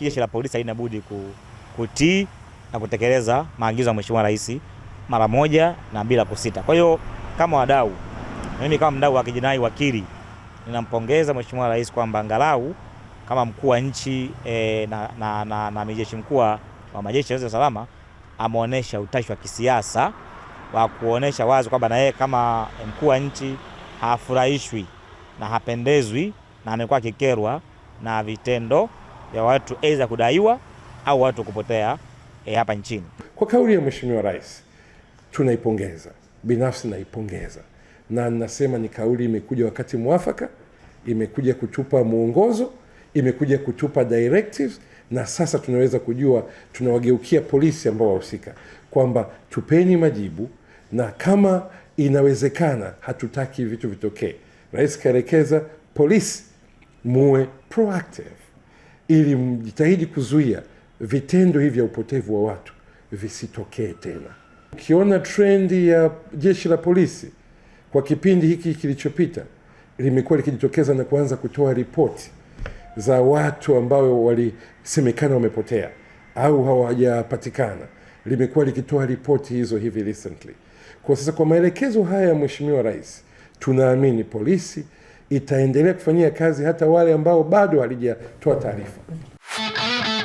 jeshi la polisi haina budi kutii na kutekeleza maagizo ya Mheshimiwa Rais mara moja na bila kusita. Kwa hiyo kama wadau, mimi kama mdau wa kijinai wakili, ninampongeza Mheshimiwa Rais kwamba angalau kama mkuu wa nchi e, na, na, na, na mijeshi mkuu wa majeshi ya usalama ameonyesha utashi wa kisiasa wa kuonesha wazi kwamba na yeye kama mkuu wa nchi hafurahishwi na hapendezwi na amekuwa akikerwa na vitendo ya watu aidha kudaiwa au watu kupotea e, hapa nchini. Kwa kauli ya Mheshimiwa Rais tunaipongeza, binafsi naipongeza, na nasema ni kauli imekuja wakati mwafaka, imekuja kutupa mwongozo, imekuja kutupa directives, na sasa tunaweza kujua, tunawageukia polisi ambao wahusika kwamba tupeni majibu, na kama inawezekana, hatutaki vitu vitokee. Rais kaelekeza polisi muwe proactive ili mjitahidi kuzuia vitendo hivi vya upotevu wa watu visitokee tena. Ukiona trendi ya jeshi la polisi kwa kipindi hiki kilichopita limekuwa likijitokeza na kuanza kutoa ripoti za watu ambao walisemekana wamepotea au hawajapatikana, limekuwa likitoa ripoti hizo hivi recently. Kwa sasa, kwa maelekezo haya ya Mheshimiwa Rais, tunaamini polisi itaendelea kufanyia kazi hata wale ambao bado walijatoa taarifa.